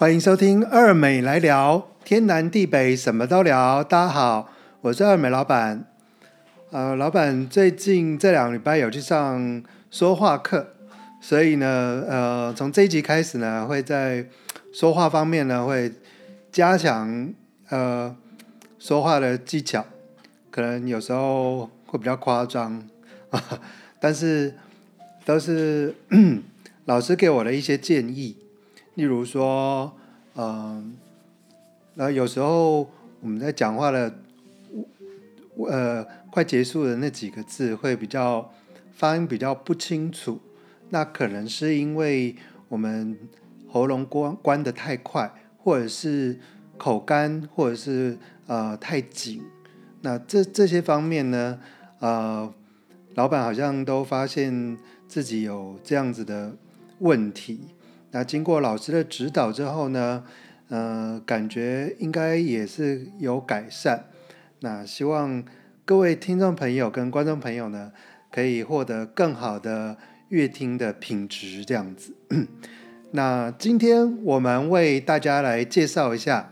歡迎收聽貳鎂來聊，天南地北什麼都聊。大家好，我是貳鎂老闆。呃，老闆最近這兩禮拜有去上說話課，所以呢，呃，從這一集開始呢，會在說話方面呢，會加強呃說話的技巧，可能有時候會比較誇張，呵呵，但是都是老師給我的一些建議。例如說，嗯，那有時候我們在講話的，呃，快結束的那幾個字會比較發音比較不清楚，那可能是因為我們喉嚨關關得太快，或者是口乾，或者是呃太緊，那這這些方面呢，呃，老闆好像都發現自己有這樣子的問題。那經過老師的指導之後呢，嗯、呃，感覺應該也是有改善。那希望各位聽眾朋友跟觀眾朋友呢，可以獲得更好的樂聽的品質。這樣子。 那今天我們為大家來介紹一下，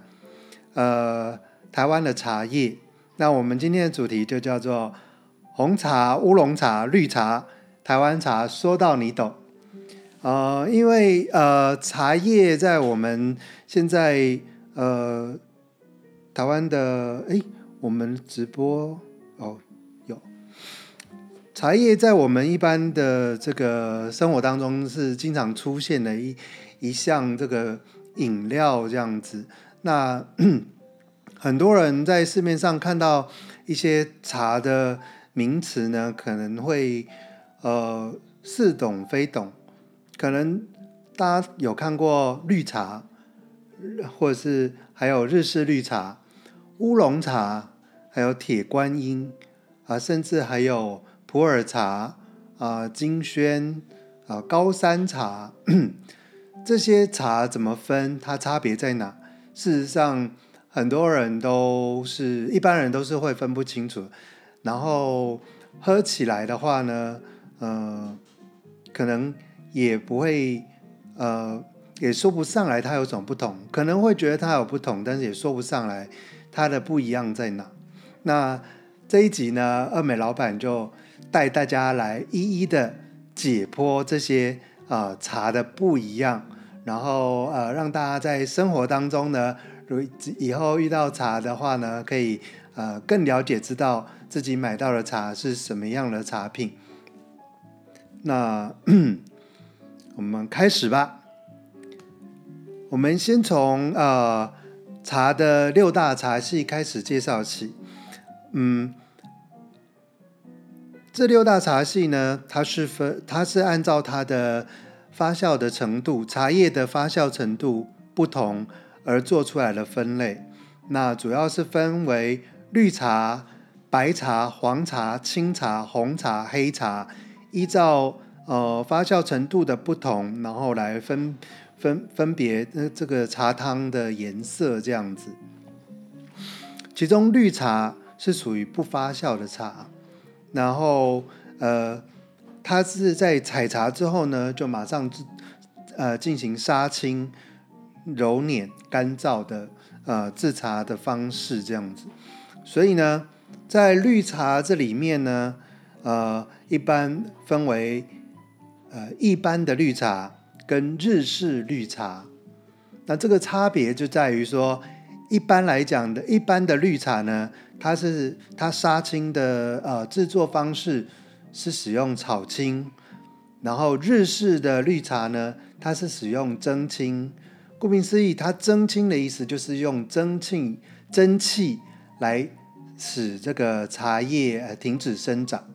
呃，台灣的茶葉。那我們今天的主題就叫做紅茶、烏龍茶、綠茶，台灣茶，說到你懂。呃，因為呃，茶葉在我們現在呃，台灣的誒，我們直播哦，有茶葉在我們一般的這個生活當中是經常出現的一一項這個飲料這樣子。那很多人在市面上看到一些茶的名詞呢，可能會呃似懂非懂。可能大家有看過綠茶，或者是還有日式綠茶、烏龍茶，還有鐵觀音啊，甚至還有普洱茶啊、金萱啊、高山茶，這些茶怎麼分？它差別在哪？事實上，很多人都是一般人都是會分不清楚。然後喝起來的話呢，嗯、呃，可能。也不會，呃，也說不上來它有什麼不同，可能會覺得它有不同，但是也說不上來它的不一樣在哪。那這一集呢，貳鎂老闆就帶大家來一一的解剖這些啊、呃、茶的不一樣，然後呃，讓大家在生活當中呢，如以後遇到茶的話呢，可以呃更了解知道自己買到的茶是什麼樣的茶品。那。我們開始吧。我們先從呃茶的六大茶系開始介紹起。嗯，這六大茶系呢，它是分，它是按照它的發酵的程度，茶葉的發酵程度不同而做出來的分類。那主要是分為綠茶、白茶、黃茶、青茶、紅茶、黑茶，依照。呃，發酵程度的不同，然後來分分分別，這個茶湯的顏色這樣子。其中綠茶是屬於不發酵的茶，然後呃，它是在採茶之後呢，就馬上呃進行殺青、揉捻、乾燥的呃制茶的方式這樣子。所以呢，在綠茶這裡面呢，呃，一般分為。呃，一般的綠茶跟日式綠茶，那這個差別就在於說，一般來講的，一般的綠茶呢，它是它殺青的呃製作方式是使用炒菁，然後日式的綠茶呢，它是使用蒸菁。顧名思義，它蒸菁的意思就是用蒸汽蒸汽來使這個茶葉呃停止生長。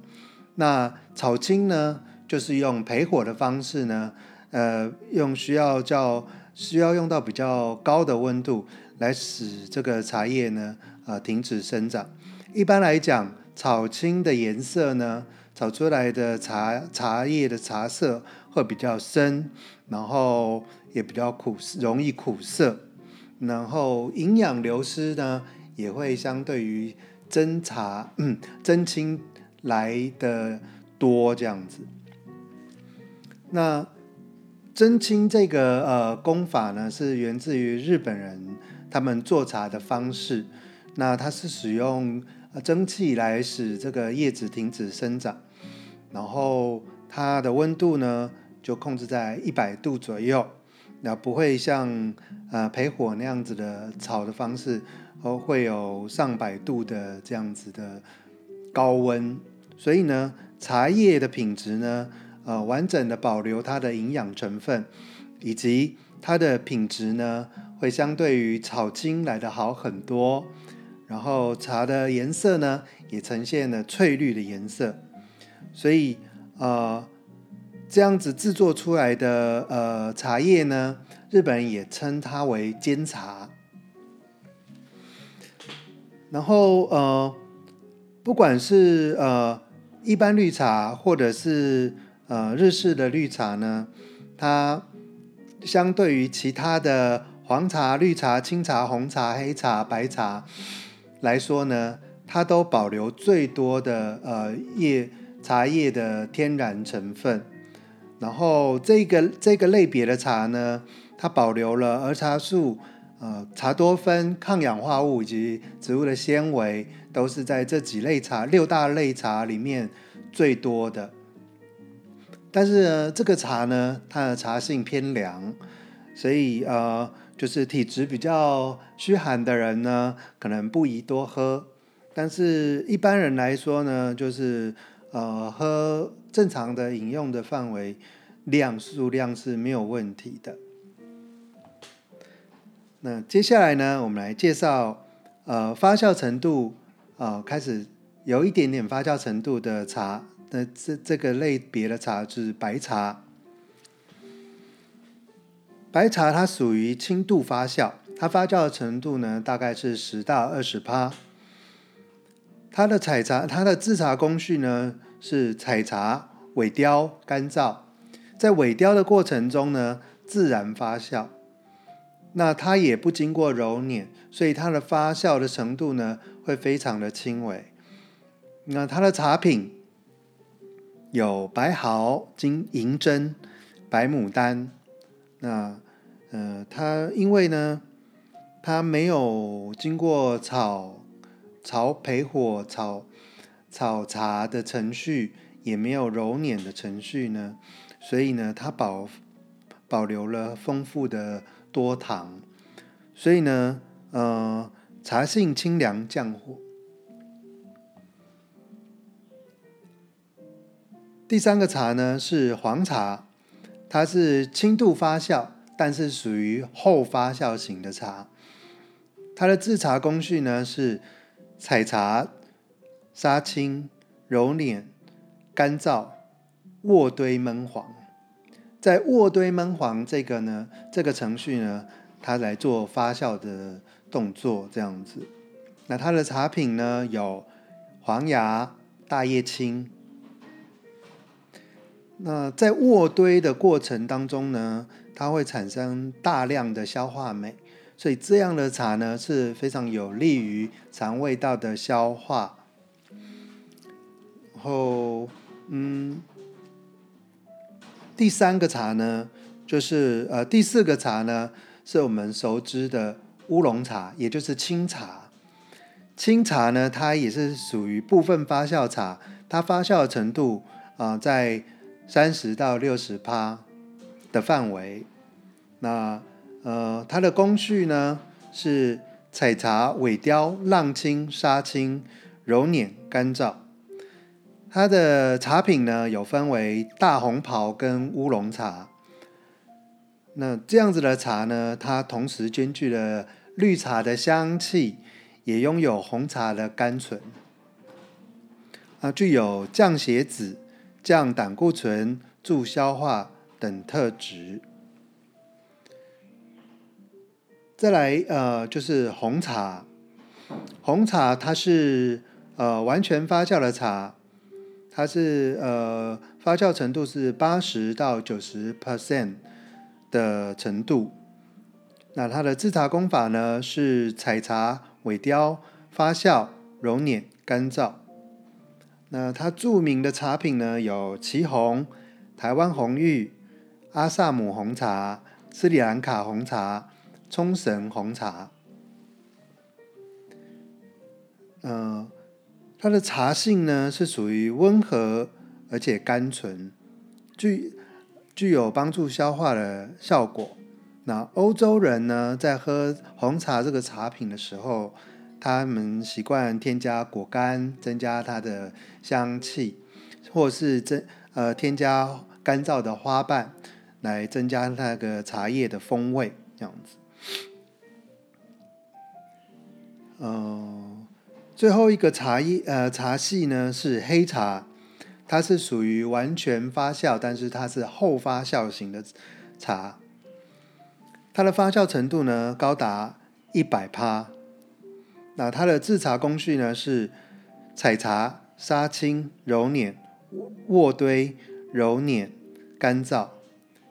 那炒菁呢？就是用焙火的方式呢，呃，用需要叫需要用到比較高的溫度來使這個茶葉呢，呃，停止生長。一般來講，炒青的顏色呢，炒出來的茶茶葉的茶色會比較深，然後也比較苦，容易苦澀，然後營養流失呢，也會相對於蒸茶、嗯、蒸青來的多這樣子。那蒸菁這個呃工法呢，是源自於日本人他們做茶的方式。那它是使用蒸汽來使這個葉子停止生長，然後它的溫度呢，就控制在一百度左右，那不會像呃焙火那樣子的炒的方式，會有上百度的這樣子的高溫，所以呢，茶葉的品質呢，呃，完整的保留它的營養成分，以及它的品質呢，會相對於炒菁來的好很多。然後茶的顏色呢，也呈現了翠綠的顏色。所以，呃，這樣子製作出來的呃茶葉呢，日本人也稱它為煎茶。然後，呃，不管是呃一般綠茶，或者是呃，日式的綠茶呢，它相對於其他的黃茶、綠茶、青茶、紅茶、黑茶、白茶來說呢，它都保留最多的呃葉茶葉的天然成分。然後這個這個類別的茶呢，它保留了兒茶素、呃茶多酚、抗氧化物以及植物的纖維，都是在這幾類茶六大類茶裡面最多的。但是呢，這個茶呢，它的茶性偏涼，所以呃，就是體質比較虛寒的人呢，可能不宜多喝。但是一般人來說呢，就是呃，喝正常的飲用的範圍，量數量是沒有問題的。那接下來呢，我們來介紹呃發酵程度，呃，開始有一點點發酵程度的茶。那這這個類別的茶就是白茶。白茶它屬於輕度發酵，它發酵的程度呢，大概是十到二十趴。它的採茶、它的製茶工序呢，是採茶、萎凋、乾燥，在萎凋的過程中呢，自然發酵。那它也不經過揉捻，所以它的發酵的程度呢，會非常的輕微。那它的茶品。有白毫、金銀針、白牡丹。那，呃，它因為呢，它沒有經過炒、炒焙火、炒、炒茶的程序，也沒有揉捻的程序呢，所以呢，它保保留了豐富的多糖，所以呢，呃，茶性清涼降火。第三個茶呢是黃茶，它是輕度發酵，但是屬於後發酵型的茶。它的制茶工序呢是採茶、殺青、揉捻、乾燥、渥堆悶黃。在渥堆悶黃這個呢，這個程序呢，它來做發酵的動作，這樣子。那它的茶品呢有黃芽、大葉青。那在渥堆的過程當中呢，它會產生大量的消化酶，所以這樣的茶呢是非常有利於腸胃道的消化。然後，嗯，第三個茶呢，就是呃，第四個茶呢，是我們熟知的烏龍茶，也就是青茶。青茶呢，它也是屬於部分發酵茶，它發酵的程度啊，呃，在三十到六十趴的範圍，那呃，它的工序呢是採茶、萎凋、浪菁、殺青、揉捻、乾燥。它的茶品呢有分為大紅袍跟烏龍茶。那這樣子的茶呢，它同時兼具了綠茶的香氣，也擁有紅茶的甘醇，啊，具有降血脂。降膽固醇、助消化等特質。再來，呃，就是紅茶。紅茶它是呃完全發酵的茶，它是呃發酵程度是八十到九十 percent 的程度。那它的制茶工法呢，是採茶、萎凋、發酵、揉捻、乾燥。那它著名的茶品呢，有祁紅、台灣紅玉、阿薩姆紅茶、斯里蘭卡紅茶、沖繩紅茶。呃，它的茶性呢是屬於溫和而且甘醇，具具有幫助消化的效果。那歐洲人呢，在喝紅茶這個茶品的時候，他們習慣添加果乾，增加它的香氣，或是增呃添加乾燥的花瓣來增加那個茶葉的風味，這樣子。嗯、呃，最後一個茶葉呃茶系呢是黑茶，它是屬於完全發酵，但是它是後發酵型的茶，它的發酵程度呢高達一百趴。那它的製茶工序呢是採茶、殺青、揉捻、渥堆、揉捻、乾燥。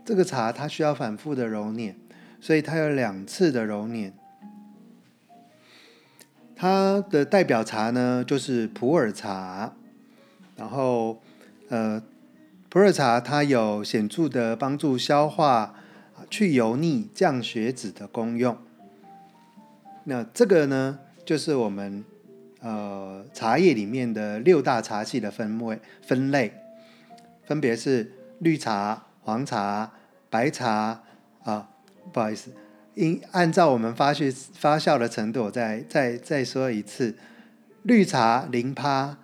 這個茶它需要反覆的揉捻，所以它有兩次的揉捻。它的代表茶呢就是普洱茶。然後，呃，普洱茶它有顯著的幫助消化、去油膩、降血脂的功用。那這個呢，就是我們，呃，茶葉裡面的六大茶系的分位分類，分別是綠茶、黃茶、白茶啊。不好意思，應按照我們發去發酵的程度我再，再再再說一次：綠茶零趴，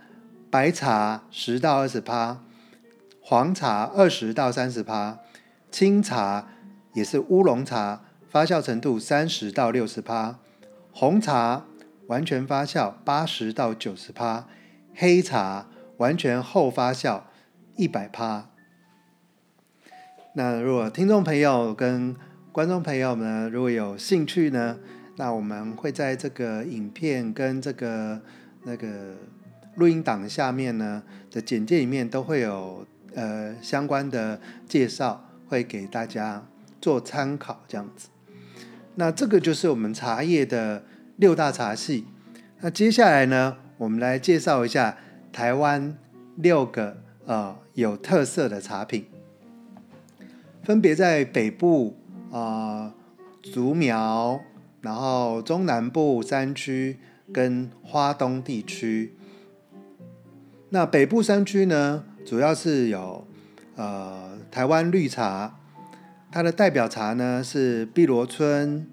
白茶十到二十趴，黃茶二十到三十趴，青茶也是烏龍茶，發酵程度三十到六十趴，紅茶。完全發酵八十到九十趴，黑茶完全後發酵一百趴。那如果聽眾朋友跟觀眾朋友們如果有興趣呢，那我們會在這個影片跟這個那個錄音檔下面呢的簡介裡面都會有呃相關的介紹，會給大家做參考這樣子。那這個就是我們茶葉的。六大茶系。那接下來呢，我們來介紹一下台灣六個呃有特色的茶品，分別在北部啊、呃、竹苗，然後中南部山區跟花東地區。那北部山區呢，主要是有呃台灣綠茶，它的代表茶呢是碧螺春。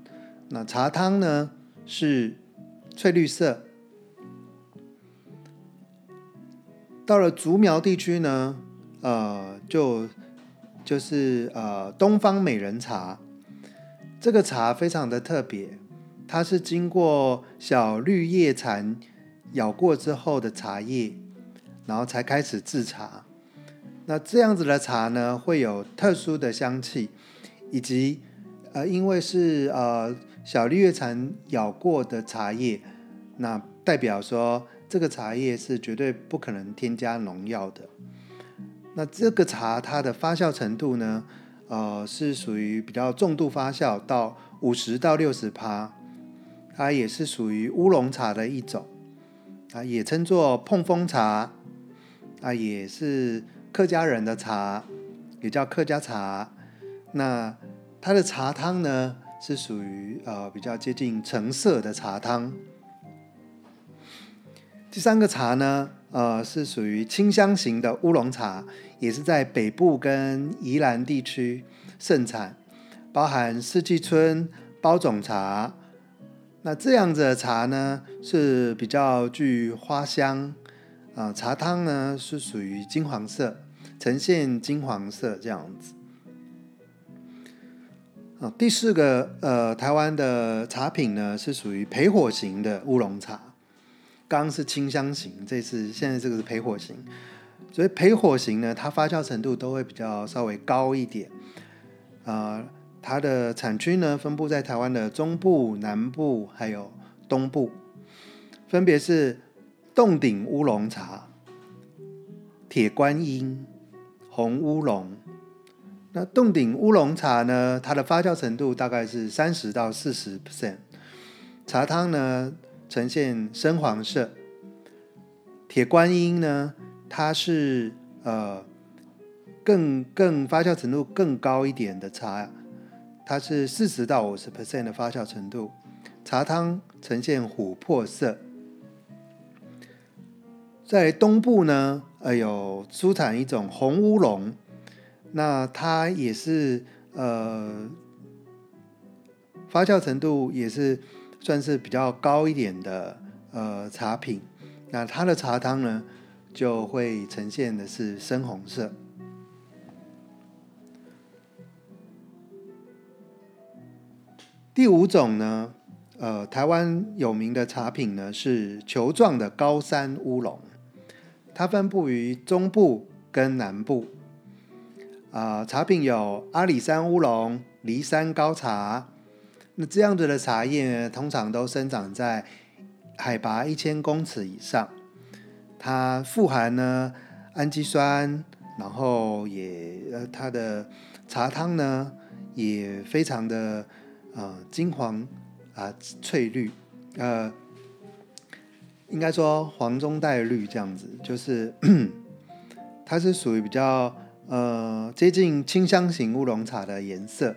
那茶湯呢？是翠綠色。到了竹苗地區呢，呃，就就是呃東方美人茶，這個茶非常的特別，它是經過小綠葉蟬咬過之後的茶葉，然後才開始制茶。那這樣子的茶呢，會有特殊的香氣，以及呃，因為是呃。小綠葉蟬咬過的茶葉，那代表說這個茶葉是絕對不可能添加農藥的。那這個茶它的發酵程度呢，呃，是屬於比較重度發酵到五十到六十趴。它也是屬於烏龍茶的一種，啊，也稱作椪風茶，啊，也是客家人的茶，也叫客家茶。那它的茶湯呢？是屬於呃比較接近橙色的茶湯。第三個茶呢，呃是屬於清香型的烏龍茶，也是在北部跟宜蘭地區盛產，包含四季春、包種茶。那這樣子的茶呢，是比較具花香，啊、呃、茶湯呢是屬於金黃色，呈現金黃色這樣子。第四個，呃，台灣的茶品呢是屬於焙火型的烏龍茶。剛剛是清香型，這次現在這個是焙火型，所以焙火型呢，它發酵程度都會比較稍微高一點。啊、呃，它的產區呢分佈在台灣的中部、南部還有東部，分別是凍頂烏龍茶、鐵觀音、紅烏龍。那凍頂烏龍茶呢，它的發酵程度大概是三十到四十 percent，茶湯呢呈現深黃色。鐵觀音呢，它是呃更更發酵程度更高一點的茶，它是四十到五十 percent 的發酵程度，茶湯呈現琥珀色。在東部呢，呃有出產一種紅烏龍。那它也是呃發酵程度也是算是比較高一點的呃茶品，那它的茶湯呢就會呈現的是深紅色。第五種呢，呃，台灣有名的茶品呢是球狀的高山烏龍，它分布於中部跟南部。啊、呃，茶品有阿里山烏龍、梨山高茶。那這樣子的茶葉通常都生長在海拔一千公尺以上。它富含呢氨基酸，然後也呃，它的茶湯呢也非常的啊、呃、金黃啊、呃、翠綠，呃，應該說黃中帶綠這樣子，就是它是屬於比較。呃，接近清香型烏龍茶的顏色。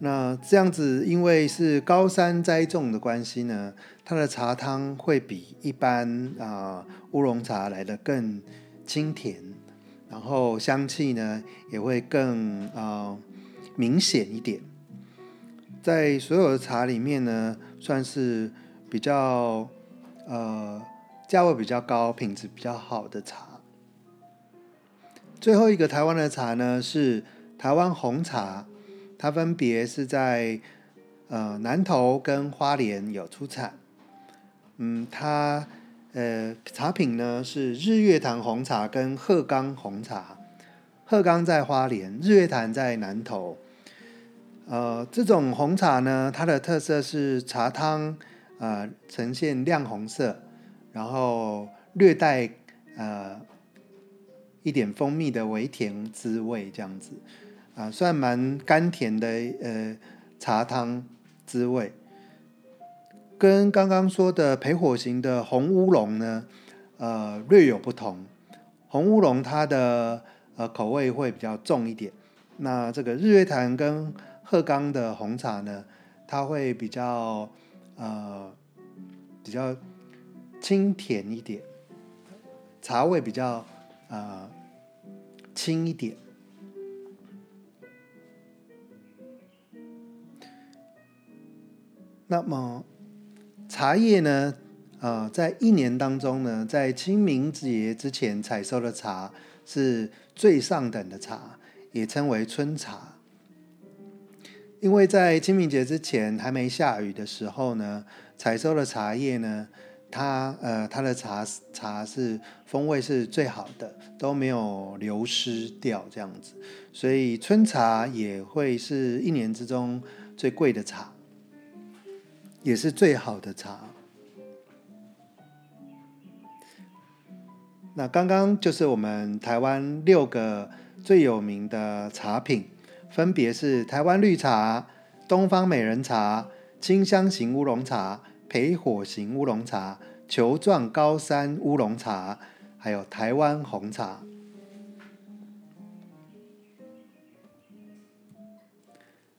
那這樣子，因為是高山栽種的關係呢，它的茶湯會比一般啊烏龍茶來得更清甜，然後香氣呢也會更啊、呃、明顯一點。在所有的茶裡面呢，算是比較呃。價位比較高，品質比較好的茶。最後一個台灣的茶呢，是台灣紅茶，它分別是在呃南投跟花蓮有出產。嗯，它呃茶品呢是日月潭紅茶跟鶴岡紅茶，鶴岡在花蓮，日月潭在南投。呃，這種紅茶呢，它的特色是茶湯啊，呃，呈現亮紅色。然後略帶呃一點蜂蜜的微甜滋味，這樣子，啊、呃，算蠻甘甜的呃茶湯滋味，跟剛剛說的焙火型的紅烏龍呢，呃略有不同。紅烏龍它的呃口味會比較重一點，那這個日月潭跟鶴岡的紅茶呢，它會比較呃比較。清甜一點，茶味比較，啊、呃、輕一點。那麼茶葉呢？啊、呃，在一年當中呢，在清明節之前採收的茶是最上等的茶，也稱為春茶。因為在清明節之前還沒下雨的時候呢，採收的茶葉呢。它呃，它的茶茶是風味是最好的，都沒有流失掉這樣子，所以春茶也會是一年之中最貴的茶，也是最好的茶。那剛剛就是我們台灣六個最有名的茶品，分別是台灣綠茶、東方美人茶、清香型烏龍茶。焙火型烏龍茶、球狀高山烏龍茶，還有台灣紅茶。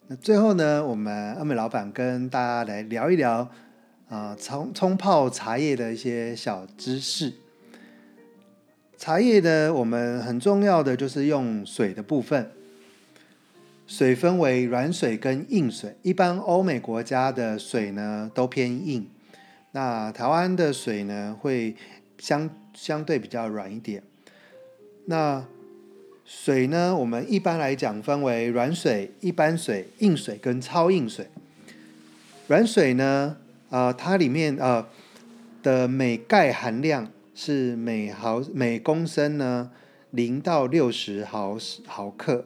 那最後呢，我們貳鎂老闆跟大家來聊一聊啊，沖沖泡茶葉的一些小知識。茶葉的，我們很重要的就是用水的部分。水分為軟水跟硬水，一般歐美國家的水呢都偏硬，那台灣的水呢會相相對比較軟一點。那水呢，我們一般來講分為軟水、一般水、硬水跟超硬水。軟水呢，啊、呃，它裡面啊、呃，的鎂鈣含量是每毫每公升呢零到六十毫毫克，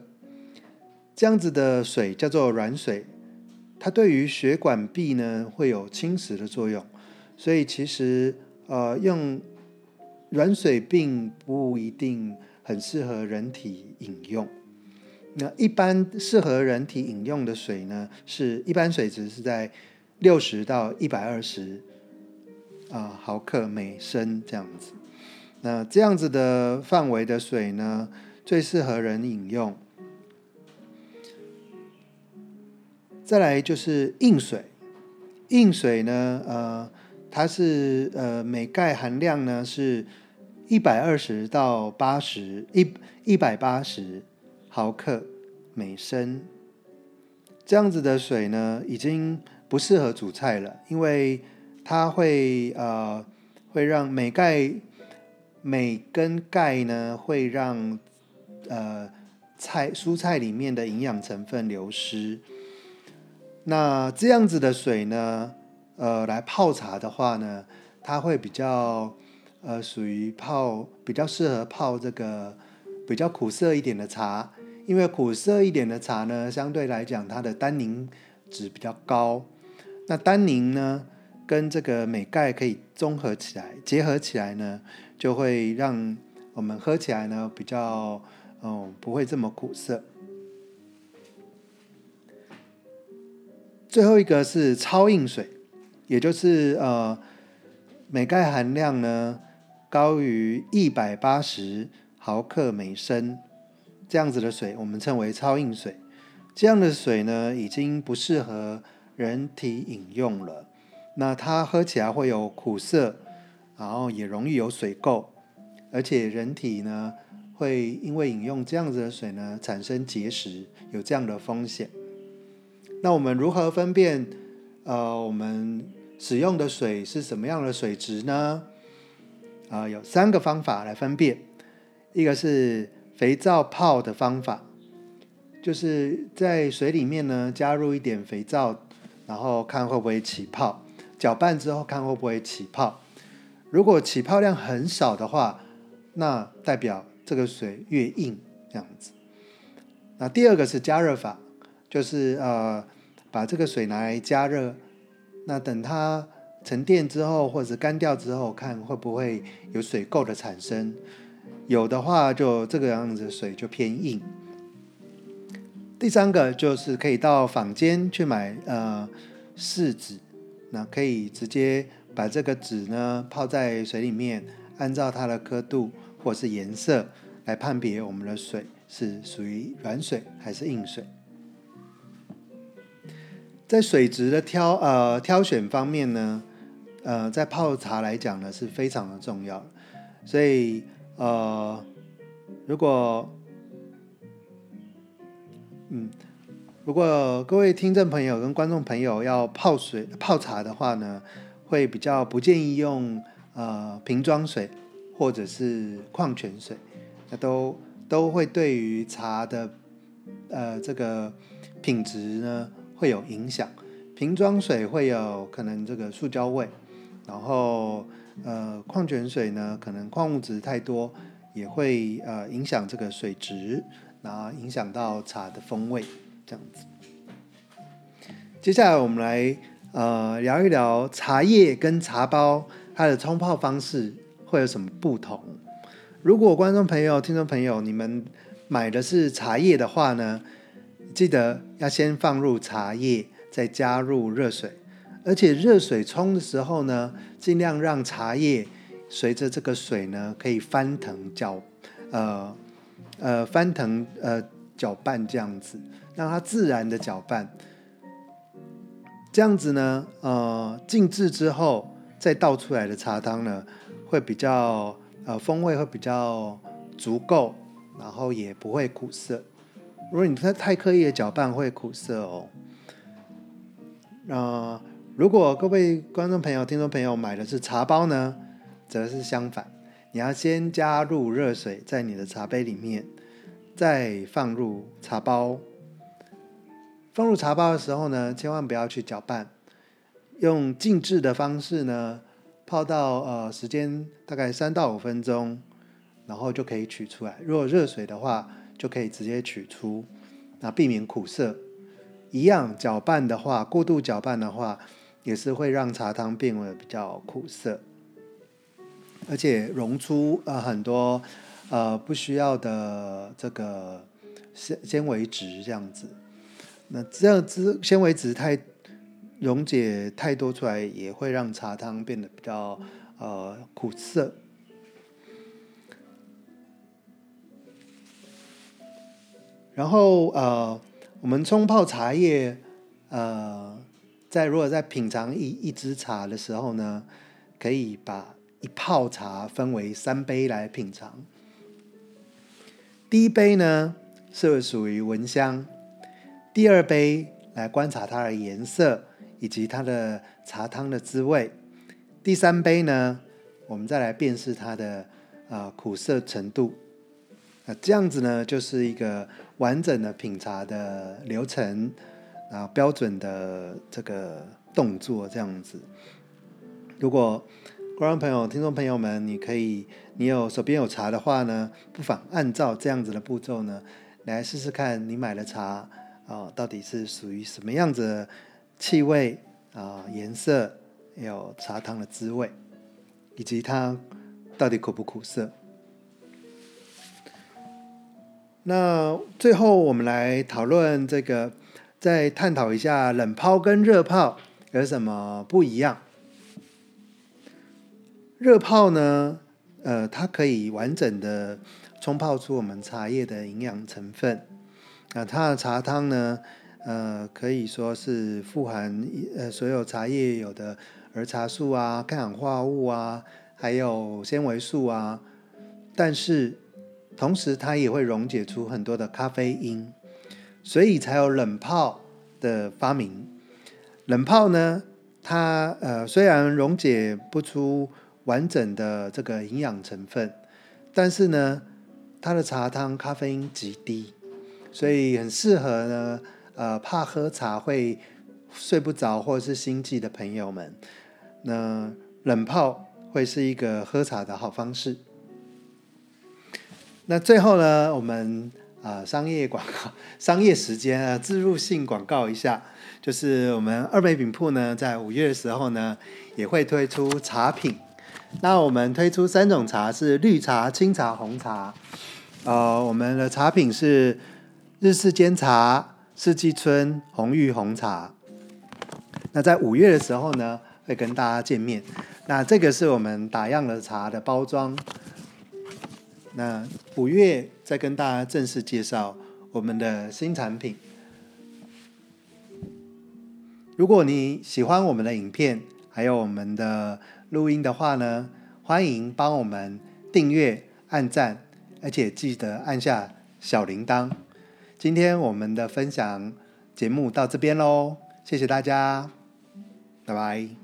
這樣子的水叫做軟水，它對於血管壁呢會有侵蝕的作用，所以其實呃用軟水並不一定很適合人體飲用。那一般適合人體飲用的水呢，是一般水質是在六十到一百二十啊毫克每升這樣子。那這樣子的範圍的水呢，最適合人飲用。再來就是硬水，硬水呢，呃，它是呃鎂鈣含量呢是120 80, 一百二十到八十一一百八十毫克每升，這樣子的水呢已經不適合煮菜了，因為它會呃會讓鎂鈣鎂跟鈣呢會讓呃菜蔬菜裡面的營養成分流失。那這樣子的水呢，呃，來泡茶的話呢，它會比較，呃，屬於泡，比較適合泡這個比較苦澀一點的茶，因為苦澀一點的茶呢，相對來講它的單寧值比較高，那單寧呢跟這個鎂鈣可以綜合起來，結合起來呢，就會讓我們喝起來呢比較，嗯、呃，不會這麼苦澀。最後一個是超硬水，也就是呃鎂鈣含量呢高於一百八十毫克每升這樣子的水，我們稱為超硬水。這樣的水呢，已經不適合人體飲用了。那它喝起來會有苦澀，然後也容易有水垢，而且人體呢會因為飲用這樣子的水呢產生結石，有這樣的風險。那我們如何分辨，呃，我們使用的水是什麼樣的水質呢？啊、呃，有三個方法來分辨，一個是肥皂泡的方法，就是在水裡面呢加入一點肥皂，然後看會不會起泡，攪拌之後看會不會起泡。如果起泡量很少的話，那代表這個水越硬這樣子。那第二個是加熱法，就是呃。把這個水拿來加熱，那等它沉澱之後或者是乾掉之後，看會不會有水垢的產生。有的話就，就這個樣子的水就偏硬。第三個就是可以到坊間去買呃試紙，那可以直接把這個紙呢泡在水裡面，按照它的刻度或是顏色來判別我們的水是屬於軟水還是硬水。在水質的挑呃挑選方面呢，呃，在泡茶來講呢是非常的重要的。所以呃，如果嗯，如果各位聽眾朋友跟觀眾朋友要泡水泡茶的話呢，會比較不建議用呃瓶裝水或者是礦泉水，那都都會對於茶的呃這個品質呢。會有影響，瓶裝水會有可能這個塑膠味，然後呃，礦泉水呢，可能礦物質太多，也會呃影響這個水質，然後影響到茶的風味這樣子。接下來我們來呃聊一聊茶葉跟茶包它的沖泡方式會有什麼不同。如果觀眾朋友、聽眾朋友，你們買的是茶葉的話呢，記得要先放入茶葉，再加入熱水。而且熱水沖的時候呢，盡量讓茶葉隨着這個水呢，可以翻騰攪，呃呃翻騰呃攪拌這樣子，讓它自然的攪拌。這樣子呢，呃靜置之後再倒出來的茶湯呢，會比較呃風味會比較足夠，然後也不會苦澀。如果你太太刻意的攪拌，會苦澀哦、呃。那如果各位觀眾朋友、聽眾朋友買的是茶包呢，則是相反，你要先加入熱水在你的茶杯裡面，再放入茶包。放入茶包的時候呢，千萬不要去攪拌，用靜置的方式呢，泡到呃時間大概三到五分鐘，然後就可以取出來。如果熱水的話，就可以直接取出，那避免苦澀。一樣攪拌的話，過度攪拌的話，也是會讓茶湯變得比較苦澀，而且溶出呃很多呃不需要的這個纖纖維質這樣子。那這樣子纖維質太溶解太多出來，也會讓茶湯變得比較呃苦澀。然後呃，我們沖泡茶葉，呃，在如果在品嘗一一支茶的時候呢，可以把一泡茶分為三杯來品嘗。第一杯呢是屬於聞香，第二杯來觀察它的顏色以及它的茶湯的滋味，第三杯呢我們再來辨識它的呃苦澀程度。那這樣子呢，就是一個完整的品茶的流程，啊，標準的這個動作這樣子。如果觀眾朋友、聽眾朋友們，你可以，你有手邊有茶的話呢，不妨按照這樣子的步驟呢，來試試看你買的茶啊、哦，到底是屬於什麼樣子、氣味啊、哦、顏色，還有茶湯的滋味，以及它到底苦不苦澀。那最後我們來討論這個，再探討一下冷泡跟熱泡有什麼不一樣。熱泡呢，呃，它可以完整的沖泡出我們茶葉的營養成分，那，呃，它的茶湯呢，呃，可以說是富含呃所有茶葉有的，兒茶素啊、抗氧化物啊，還有纖維素啊，但是。同時，它也會溶解出很多的咖啡因，所以才有冷泡的發明。冷泡呢，它呃雖然溶解不出完整的這個營養成分，但是呢，它的茶湯咖啡因極低，所以很適合呢呃怕喝茶會睡不着或者是心悸的朋友們。那冷泡會是一個喝茶的好方式。那最後呢，我們啊、呃、商業廣告、商業時間啊，植、呃、入性廣告一下，就是我們貳鎂餅舖呢，在五月的時候呢，也會推出茶品。那我們推出三種茶是綠茶、青茶、紅茶。呃，我們的茶品是日式煎茶、四季春紅玉紅茶。那在五月的時候呢，會跟大家見面。那這個是我們打樣的茶的包裝。那五月再跟大家正式介紹我們的新產品。如果你喜歡我們的影片還有我們的錄音的話呢，歡迎幫我們訂閱、按讚，而且記得按下小鈴鐺。今天我們的分享節目到這邊嘍，謝謝大家，拜拜。